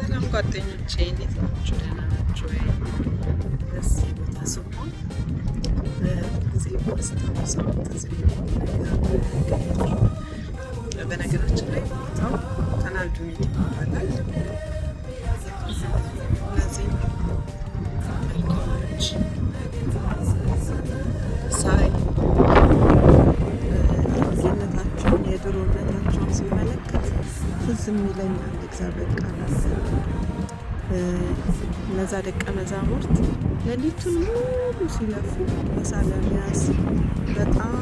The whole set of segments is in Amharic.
ሰላም ጓደኞቼ እንዴት ናችሁ? ደህና ናችሁ ወይ? በዚህ ቦታ ስሆን ጊዜ ማስታውሰው ትዝ የሚለኝ በነገራችን ላይ ቦታው ከናልዱ ሚዲያ ይባላል። እነዚህ መልኮች ሳይ ልጅነታቸውን የድሮነታቸውን ስመለከት ትዝ ይለኝ አንድ እግዚአብሔር ቃል አሰብ እነዛ ደቀ መዛሙርት ሌሊቱን ሙሉ ሲለፉ አሳ ለመያዝ በጣም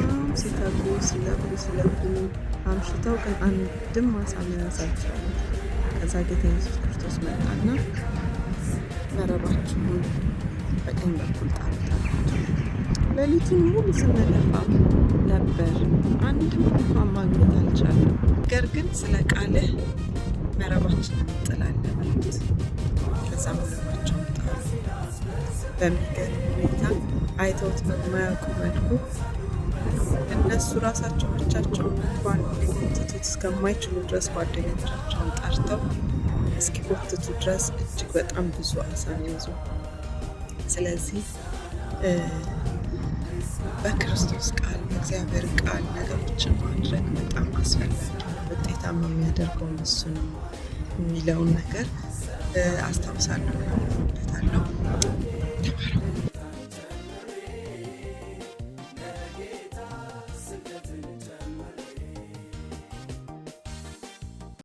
ሲተጉ ሲለፉ ሲለፉ አምሽተው ግን አንድም አሳ መያዝ አልቻሉም። ከዛ ጌታ ኢየሱስ ክርስቶስ መጣና መረባችሁን በቀኝ በኩል ጣሉታላቸው። ሌሊቱን ሙሉ ስንለፋ ነበር፣ አንድም እንኳን ማግኘት አልቻለም። ነገር ግን ስለ ቃልህ መረባችን እንጥላለን አሉት። ከዛ መረባቸው ጣሉ። በሚገርም ሁኔታ አይተውት በማያውቁ መልኩ እነሱ ራሳቸው ብቻቸው እንኳን ሊጎትቱት እስከማይችሉ ድረስ ጓደኞቻቸውን ጠርተው እስኪጎትቱ ድረስ እጅግ በጣም ብዙ አሳን ይዙ። ስለዚህ በክርስቶስ ቃል በእግዚአብሔር ቃል ነገሮችን ማድረግ በጣም አስፈላጊ ውጤታማ የሚያደርገው እሱ ነው የሚለውን ነገር አስታውሳለሁ። ታለው